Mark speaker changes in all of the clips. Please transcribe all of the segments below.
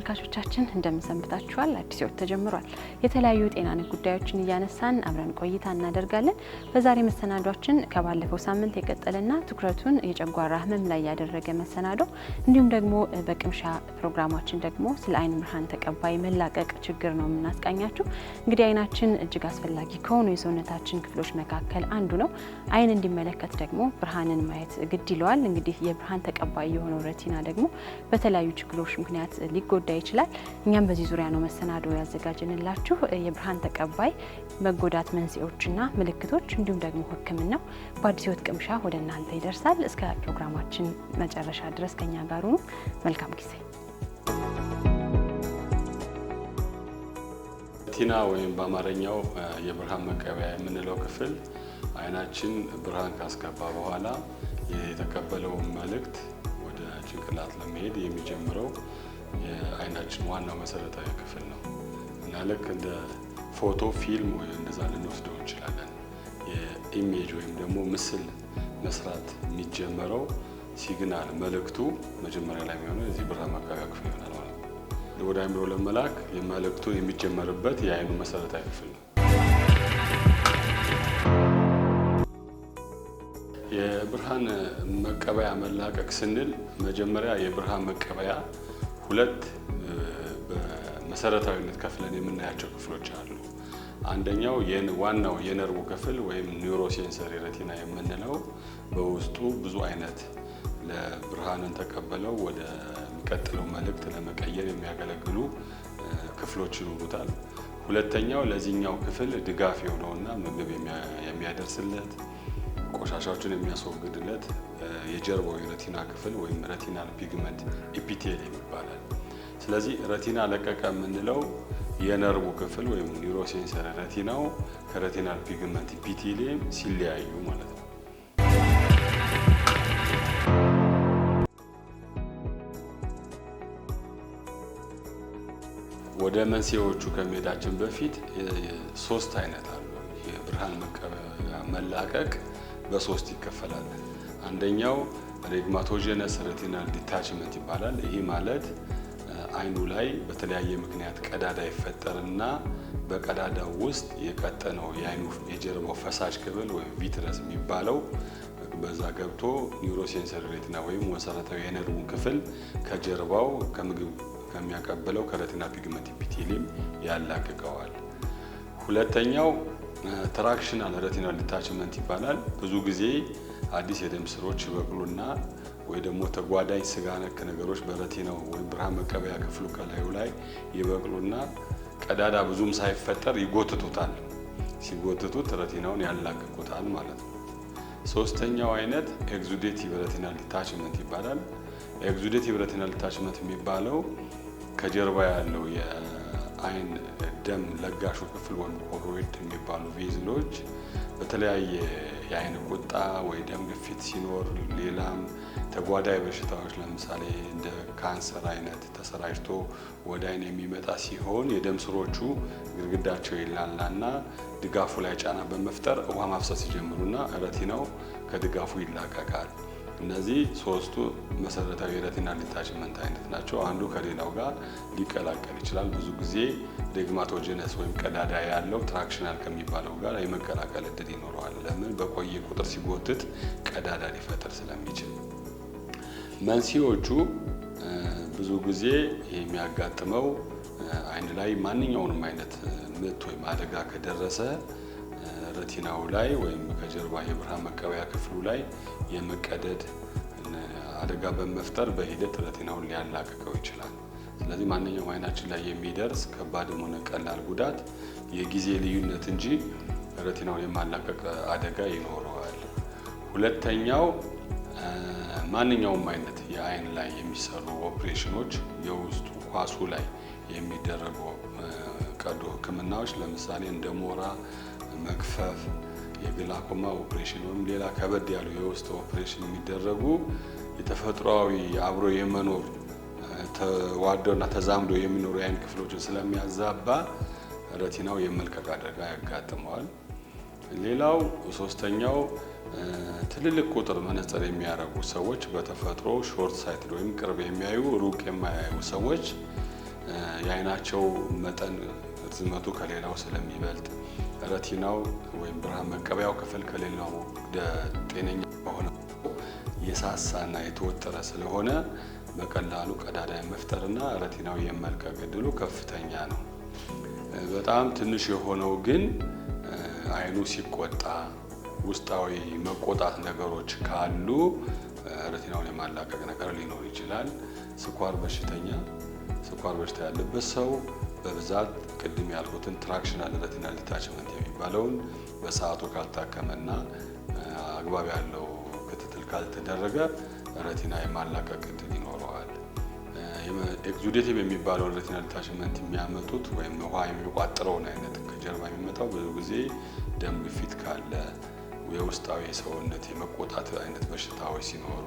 Speaker 1: ተመልካቾቻችን እንደምንሰንብታችኋል። አዲስ ሕይወት ተጀምሯል። የተለያዩ ጤና ነክ ጉዳዮችን እያነሳን አብረን ቆይታ እናደርጋለን። በዛሬ መሰናዷችን ከባለፈው ሳምንት የቀጠለና ትኩረቱን የጨጓራ ሕመም ላይ ያደረገ መሰናዶ እንዲሁም ደግሞ በቅምሻ ፕሮግራማችን ደግሞ ስለ አይን ብርሃን ተቀባይ መላቀቅ ችግር ነው የምናስቃኛችሁ። እንግዲህ አይናችን እጅግ አስፈላጊ ከሆኑ የሰውነታችን ክፍሎች መካከል አንዱ ነው። አይን እንዲመለከት ደግሞ ብርሃንን ማየት ግድ ይለዋል። እንግዲህ የብርሃን ተቀባይ የሆነው ረቲና ደግሞ በተለያዩ ችግሮች ምክንያት ሊጎዳ ሊጎዳ ይችላል። እኛም በዚህ ዙሪያ ነው መሰናዶ ያዘጋጀንላችሁ። የብርሃን ተቀባይ መጎዳት መንስኤዎችና ምልክቶች እንዲሁም ደግሞ ሕክምናው በአዲስ ህይወት ቅምሻ ወደ እናንተ ይደርሳል። እስከ ፕሮግራማችን መጨረሻ ድረስ ከኛ ጋር ሁኑ። መልካም ጊዜ።
Speaker 2: ቲና ወይም በአማርኛው የብርሃን መቀበያ የምንለው ክፍል አይናችን ብርሃን ካስገባ በኋላ የተቀበለውን መልእክት ወደ ጭንቅላት ለመሄድ የሚጀምረው የአይናችን ዋናው መሰረታዊ ክፍል ነው እና ልክ እንደ ፎቶ ፊልም ወይ እንደዛ ልንወስደው እንችላለን። የኢሜጅ ወይም ደግሞ ምስል መስራት የሚጀመረው ሲግናል መልእክቱ መጀመሪያ ላይ የሚሆነው የዚህ ብራ ማካቢያ ክፍል ይሆናል ማለት ነው። ወደ አይምሮ ለመላክ የመልእክቱ የሚጀመርበት የአይኑ መሰረታዊ ክፍል ነው። የብርሃን መቀበያ መላቀቅ ስንል መጀመሪያ የብርሃን መቀበያ ሁለት በመሰረታዊነት ከፍለን የምናያቸው ክፍሎች አሉ። አንደኛው ዋናው የነርቮ ክፍል ወይም ኒውሮሴንሰሪ ሬቲና የምንለው በውስጡ ብዙ አይነት ለብርሃንን ተቀበለው ወደሚቀጥለው መልእክት ለመቀየር የሚያገለግሉ ክፍሎች ይኖሩታል። ሁለተኛው ለዚህኛው ክፍል ድጋፍ የሆነውና ምግብ የሚያደርስለት ቆሻሻዎችን የሚያስወግድለት የጀርባው የረቲና ክፍል ወይም ረቲናል ፒግመንት ኢፒቴል ይባላል። ስለዚህ ረቲና ለቀቀ የምንለው የነርቡ ክፍል ወይም ኒውሮሴንሰር ረቲናው ከረቲናል ፒግመንት ኢፒቴሊየም ሲለያዩ ማለት ነው። ወደ መንስኤዎቹ ከመሄዳችን በፊት ሶስት አይነት አሉ። የብርሃን መቀበያ መላቀቅ በሶስት ይከፈላል። አንደኛው ሬግማቶጀነስ ሬቲናል ዲታችመንት ይባላል። ይህ ማለት አይኑ ላይ በተለያየ ምክንያት ቀዳዳ ይፈጠርና በቀዳዳው ውስጥ የቀጠነው የአይኑ የጀርባው ፈሳሽ ክፍል ወይም ቪትረስ የሚባለው በዛ ገብቶ ኒውሮሴንሰር ሬቲና ወይም መሰረታዊ የነርቡን ክፍል ከጀርባው ከምግብ ከሚያቀብለው ከረቲና ፒግመንት ኢፒቴሊየም ያላቅቀዋል። ሁለተኛው ትራክሽናል ሬቲናል ዲታችመንት ይባላል። ብዙ ጊዜ አዲስ የደም ስሮች ይበቅሉና ወይ ደግሞ ተጓዳኝ ስጋ ነክ ነገሮች በረቲናው ወይም ብርሃን መቀበያ ክፍሉ ከላዩ ላይ ይበቅሉና ቀዳዳ ብዙም ሳይፈጠር ይጎትቱታል። ሲጎትቱት ሬቲናውን ያላቅቁታል ማለት ነው። ሶስተኛው አይነት ኤግዙዴቲቭ ሬቲናል ዲታችመንት ይባላል። ኤግዙዴቲቭ ሬቲናል ዲታችመንት የሚባለው ከጀርባ ያለው አይን ደም ለጋሹ ክፍል ወይም ኮሮይድ የሚባሉ ቬዝሎች በተለያየ የአይን ቁጣ ወይ ደም ግፊት ሲኖር፣ ሌላም ተጓዳይ በሽታዎች ለምሳሌ እንደ ካንሰር አይነት ተሰራጭቶ ወደ አይን የሚመጣ ሲሆን የደም ስሮቹ ግድግዳቸው ይላላና ድጋፉ ላይ ጫና በመፍጠር ውሃ ማፍሰስ ሲጀምሩና ነው ከድጋፉ ይላቀቃል። እነዚህ ሶስቱ መሰረታዊ የረቲናል ዲታችመንት አይነት ናቸው። አንዱ ከሌላው ጋር ሊቀላቀል ይችላል። ብዙ ጊዜ ደግማቶጀነስ ወይም ቀዳዳ ያለው ትራክሽናል ከሚባለው ጋር የመቀላቀል እድል ይኖረዋል። ለምን? በቆየ ቁጥር ሲጎትት ቀዳዳ ሊፈጥር ስለሚችል። መንስኤዎቹ ብዙ ጊዜ የሚያጋጥመው አይን ላይ ማንኛውንም አይነት ምት ወይም አደጋ ከደረሰ በቲናው ላይ ወይም ከጀርባ የብርሃን መቀበያ ክፍሉ ላይ የመቀደድ አደጋ በመፍጠር በሂደት ሬቲናውን ሊያላቅቀው ይችላል። ስለዚህ ማንኛውም አይናችን ላይ የሚደርስ ከባድም ሆነ ቀላል ጉዳት የጊዜ ልዩነት እንጂ ሬቲናውን የማላቀቅ አደጋ ይኖረዋል። ሁለተኛው ማንኛውም አይነት የአይን ላይ የሚሰሩ ኦፕሬሽኖች የውስጡ ኳሱ ላይ የሚደረጉ ቀዶ ሕክምናዎች ለምሳሌ እንደ ሞራ መክፈፍ፣ የግላኮማ ኦፕሬሽን ወይም ሌላ ከበድ ያሉ የውስጥ ኦፕሬሽን የሚደረጉ የተፈጥሯዊ አብሮ የመኖር ተዋደውና ተዛምዶ የሚኖሩ የአይን ክፍሎችን ስለሚያዛባ ረቲናው የመልቀቅ አደጋ ያጋጥመዋል። ሌላው ሶስተኛው ትልልቅ ቁጥር መነጽር የሚያደርጉ ሰዎች በተፈጥሮ ሾርት ሳይት ወይም ቅርብ የሚያዩ ሩቅ የማያዩ ሰዎች የአይናቸው መጠን ርዝመቱ ከሌላው ስለሚበልጥ ረቲናው ወይም ብርሃን መቀበያው ክፍል ከሌለው ጤነኛ በሆነ የሳሳና የተወጠረ ስለሆነ በቀላሉ ቀዳዳ የመፍጠርና ረቲናው የመልቀቅ እድሉ ከፍተኛ ነው። በጣም ትንሽ የሆነው ግን አይኑ ሲቆጣ ውስጣዊ መቆጣት ነገሮች ካሉ ረቲናውን የማላቀቅ ነገር ሊኖር ይችላል። ስኳር በሽተኛ ስኳር በሽታ ያለበት ሰው በብዛት ቅድም ያልኩትን ትራክሽናል ሬቲናል ዲታችመንት የሚባለውን በሰዓቱ ካልታከመና አግባብ ያለው ክትትል ካልተደረገ ረቲና የማላቀቅ እድል ይኖረዋል። ኤግዙዴቲቭ የሚባለውን ሬቲናል ዲታችመንት የሚያመጡት ወይም ውሃ የሚቋጥረውን አይነት ከጀርባ የሚመጣው ብዙ ጊዜ ደም ግፊት ካለ፣ የውስጣዊ ሰውነት የመቆጣት አይነት በሽታዎች ሲኖሩ፣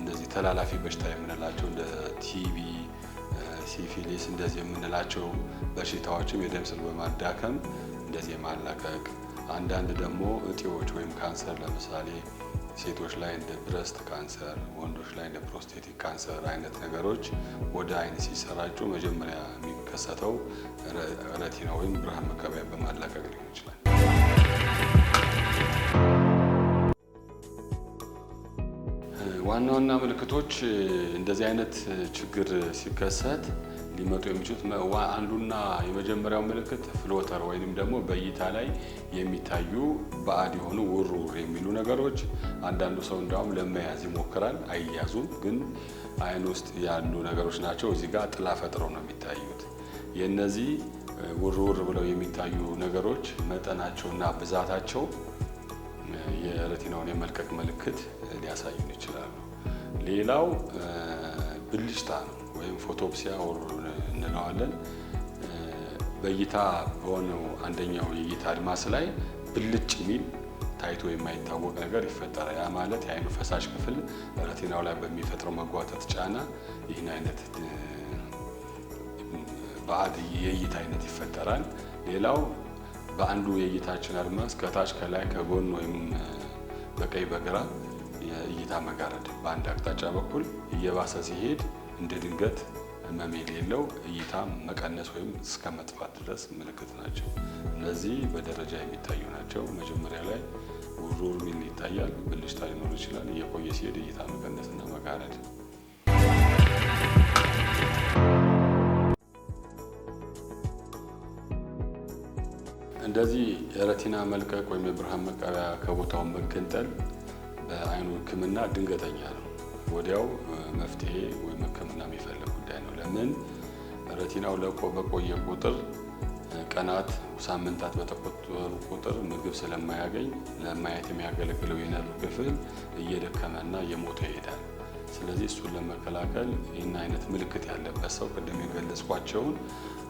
Speaker 2: እነዚህ ተላላፊ በሽታ የምንላቸው እንደ ቲቪ ሲፊሊስ እንደዚህ የምንላቸው በሽታዎችም የደም ስር በማዳከም እንደዚህ የማላቀቅ አንዳንድ ደግሞ እጢዎች ወይም ካንሰር ለምሳሌ ሴቶች ላይ እንደ ብረስት ካንሰር፣ ወንዶች ላይ እንደ ፕሮስቴቲክ ካንሰር አይነት ነገሮች ወደ አይን ሲሰራጩ መጀመሪያ የሚከሰተው ረቲና ወይም ብርሃን መቀበያ ዋና ዋና ምልክቶች እንደዚህ አይነት ችግር ሲከሰት ሊመጡ የሚችሉት አንዱና የመጀመሪያው ምልክት ፍሎተር ወይንም ደግሞ በእይታ ላይ የሚታዩ ባዕድ የሆኑ ውርውር የሚሉ ነገሮች። አንዳንዱ ሰው እንዲያውም ለመያዝ ይሞክራል፣ አይያዙም። ግን አይን ውስጥ ያሉ ነገሮች ናቸው። እዚህ ጋር ጥላ ፈጥረው ነው የሚታዩት። የእነዚህ ውርውር ብለው የሚታዩ ነገሮች መጠናቸውና ብዛታቸው የረቲናውን የመልቀቅ ምልክት ሊያሳዩን ይችላሉ። ሌላው ብልጭታ ነው ወይም ፎቶፕሲያ እንለዋለን። በእይታ በሆነው አንደኛው የእይታ አድማስ ላይ ብልጭ የሚል ታይቶ የማይታወቅ ነገር ይፈጠራል። ያ ማለት የአይኑ ፈሳሽ ክፍል ረቲናው ላይ በሚፈጥረው መጓተት ጫና ይህን አይነት ባዕድ የእይታ አይነት ይፈጠራል። ሌላው በአንዱ የእይታችን አድማስ ከታች ከላይ ከጎን ወይም በቀኝ በግራ የእይታ መጋረድ በአንድ አቅጣጫ በኩል እየባሰ ሲሄድ እንደ ድንገት ህመም የሌለው እይታ መቀነስ ወይም እስከ መጥፋት ድረስ ምልክት ናቸው። እነዚህ በደረጃ የሚታዩ ናቸው። መጀመሪያ ላይ ውርውር ሚል ይታያል፣ ብልሽታ ሊኖር ይችላል። እየቆየ ሲሄድ እይታ መቀነስና መጋረድ እንደዚህ የረቲና መልቀቅ ወይም የብርሃን መቀበያ ከቦታው መገንጠል በአይኑ ህክምና ድንገተኛ ነው። ወዲያው መፍትሄ ወይም ህክምና የሚፈልግ ጉዳይ ነው። ለምን ረቲናው ለቆ በቆየ ቁጥር ቀናት፣ ሳምንታት በተቆጠሩ ቁጥር ምግብ ስለማያገኝ ለማየት የሚያገለግለው የነርቭ ክፍል እየደከመና እየሞተ ይሄዳል። ስለዚህ እሱን ለመከላከል ይህን አይነት ምልክት ያለበት ሰው ቅድም የገለጽኳቸውን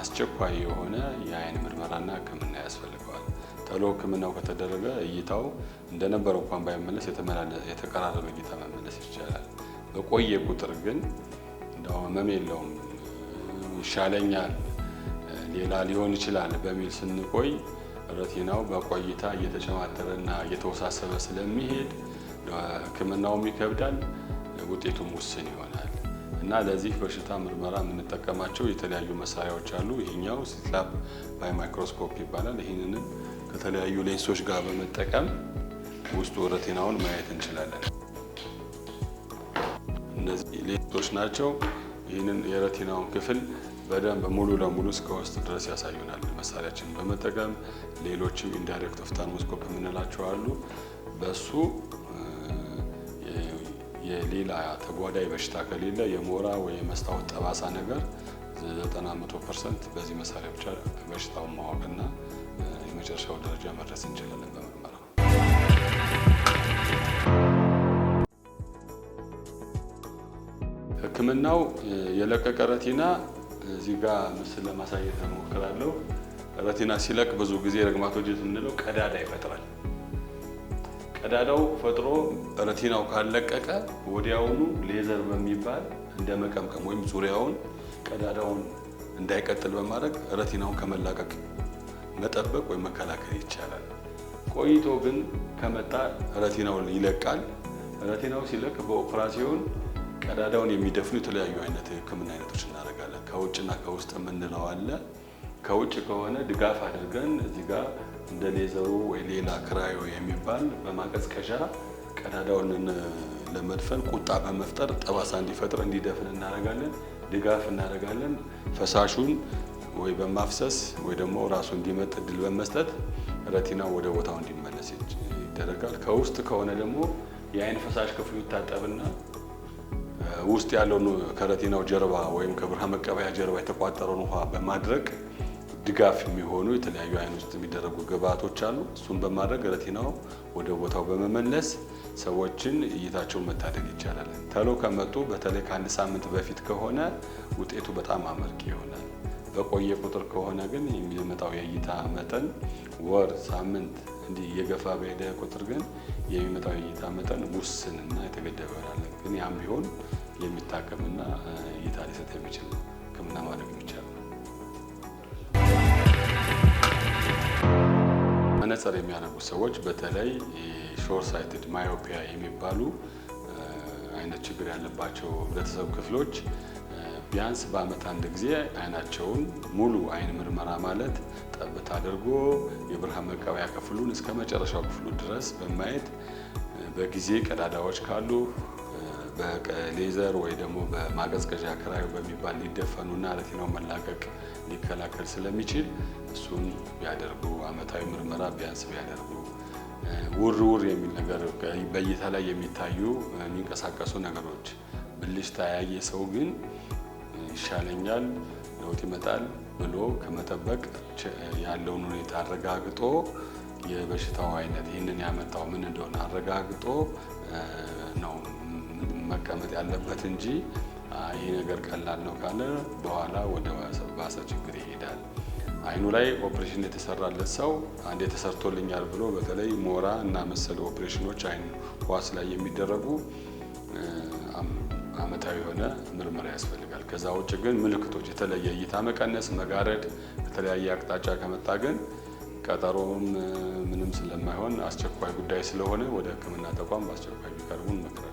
Speaker 2: አስቸኳይ የሆነ የአይን ምርመራና ሕክምና ያስፈልገዋል። ቶሎ ሕክምናው ከተደረገ እይታው እንደነበረው እንኳን ባይመለስ የተቀራረበ እይታ መመለስ ይቻላል። በቆየ ቁጥር ግን እንደው ህመም የለውም ይሻለኛል፣ ሌላ ሊሆን ይችላል በሚል ስንቆይ ረቲናው በቆይታ እየተጨማተረና እየተወሳሰበ ስለሚሄድ ህክምናውም ይከብዳል፣ ውጤቱም ውስን ይሆናል። እና ለዚህ በሽታ ምርመራ የምንጠቀማቸው የተለያዩ መሳሪያዎች አሉ። ይሄኛው ሲትላፕ ባይ ማይክሮስኮፕ ይባላል። ይህንንም ከተለያዩ ሌንሶች ጋር በመጠቀም ውስጡ ረቲናውን ማየት እንችላለን። እነዚህ ሌንሶች ናቸው። ይህንን የረቲናውን ክፍል በደንብ ሙሉ ለሙሉ እስከ ውስጥ ድረስ ያሳዩናል መሳሪያችን በመጠቀም ሌሎችም ኢንዳይሬክት ኦፍታልሞስኮፕ የምንላቸው አሉ። በሱ የሌላ ተጓዳኝ በሽታ ከሌለ የሞራ ወይ የመስታወት ጠባሳ ነገር 90 ፐርሰንት በዚህ መሳሪያ ብቻ በሽታውን ማወቅና የመጨረሻው ደረጃ መድረስ እንችላለን በምርመራ። ህክምናው የለቀቀ ረቲና እዚህ ጋር ምስል ለማሳየት እሞክራለሁ። ረቲና ሲለቅ ብዙ ጊዜ ሬግማቶጂን የምንለው ቀዳዳ ይፈጥራል። ቀዳዳው ፈጥሮ ረቲናው ካለቀቀ ወዲያውኑ ሌዘር በሚባል እንደ መቀምቀም ወይም ዙሪያውን ቀዳዳውን እንዳይቀጥል በማድረግ ረቲናውን ከመላቀቅ መጠበቅ ወይም መከላከል ይቻላል። ቆይቶ ግን ከመጣ ረቲናውን ይለቃል። ረቲናው ሲለቅ በኦፕራሲዮን ቀዳዳውን የሚደፍኑ የተለያዩ አይነት የህክምና አይነቶች እናደርጋለን። ከውጭና ከውስጥ የምንለው አለ። ከውጭ ከሆነ ድጋፍ አድርገን እዚህ ጋር እንደ ሌዘሩ ወይ ሌላ ክራዮ የሚባል በማቀዝቀዣ ቀዳዳውን ለመድፈን ቁጣ በመፍጠር ጠባሳ እንዲፈጥር እንዲደፍን እናደርጋለን። ድጋፍ እናደርጋለን። ፈሳሹን ወይ በማፍሰስ ወይ ደግሞ ራሱ እንዲመጥ እድል በመስጠት ረቲናው ወደ ቦታው እንዲመለስ ይደረጋል። ከውስጥ ከሆነ ደግሞ የአይን ፈሳሽ ክፍሉ ይታጠብና ውስጥ ያለውን ከረቲናው ጀርባ ወይም ከብርሃን መቀበያ ጀርባ የተቋጠረውን ውሃ በማድረግ ድጋፍ የሚሆኑ የተለያዩ አይን ውስጥ የሚደረጉ ግብአቶች አሉ። እሱን በማድረግ ረቲናው ወደ ቦታው በመመለስ ሰዎችን እይታቸውን መታደግ ይቻላል። ተሎ ከመጡ በተለይ ከአንድ ሳምንት በፊት ከሆነ ውጤቱ በጣም አመርቂ ይሆናል። በቆየ ቁጥር ከሆነ ግን የሚመጣው የእይታ መጠን ወር፣ ሳምንት እንዲህ የገፋ በሄደ ቁጥር ግን የሚመጣው የእይታ መጠን እና የተገደበ ይሆናል። ግን ያም ቢሆን የሚታከምና እይታ ሊሰጥ የሚችል ሕክምና ማድረግ ይቻላል። መነጽር የሚያደርጉ ሰዎች በተለይ ሾር ሳይትድ ማዮፒያ የሚባሉ አይነት ችግር ያለባቸው ህብረተሰብ ክፍሎች ቢያንስ በአመት አንድ ጊዜ አይናቸውን ሙሉ አይን ምርመራ ማለት ጠብታ አድርጎ የብርሃን መቀበያ ክፍሉን እስከ መጨረሻው ክፍሉ ድረስ በማየት በጊዜ ቀዳዳዎች ካሉ በሌዘር ወይ ደግሞ በማቀዝቀዣ ከራዮ በሚባል ሊደፈኑና ሬቲናው መላቀቅ ሊከላከል ስለሚችል እሱን ቢያደርጉ፣ አመታዊ ምርመራ ቢያንስ ቢያደርጉ፣ ውርውር የሚል ነገር በእይታ ላይ የሚታዩ የሚንቀሳቀሱ ነገሮች ብልሽታ ያየ ሰው ግን ይሻለኛል ለውጥ ይመጣል ብሎ ከመጠበቅ ያለውን ሁኔታ አረጋግጦ የበሽታው አይነት ይህንን ያመጣው ምን እንደሆነ አረጋግጦ መቀመጥ ያለበት እንጂ ይህ ነገር ቀላል ነው ካለ በኋላ ወደ ባሰ ችግር ይሄዳል። አይኑ ላይ ኦፕሬሽን የተሰራለት ሰው አንዴ ተሰርቶልኛል ብሎ በተለይ ሞራ እና መሰል ኦፕሬሽኖች አይን ህዋስ ላይ የሚደረጉ አመታዊ የሆነ ምርመራ ያስፈልጋል። ከዛ ውጭ ግን ምልክቶች የተለየ እይታ መቀነስ፣ መጋረድ ከተለያየ አቅጣጫ ከመጣ ግን ቀጠሮም ምንም ስለማይሆን አስቸኳይ ጉዳይ ስለሆነ ወደ ሕክምና ተቋም በአስቸኳይ ቢቀርቡን መክረ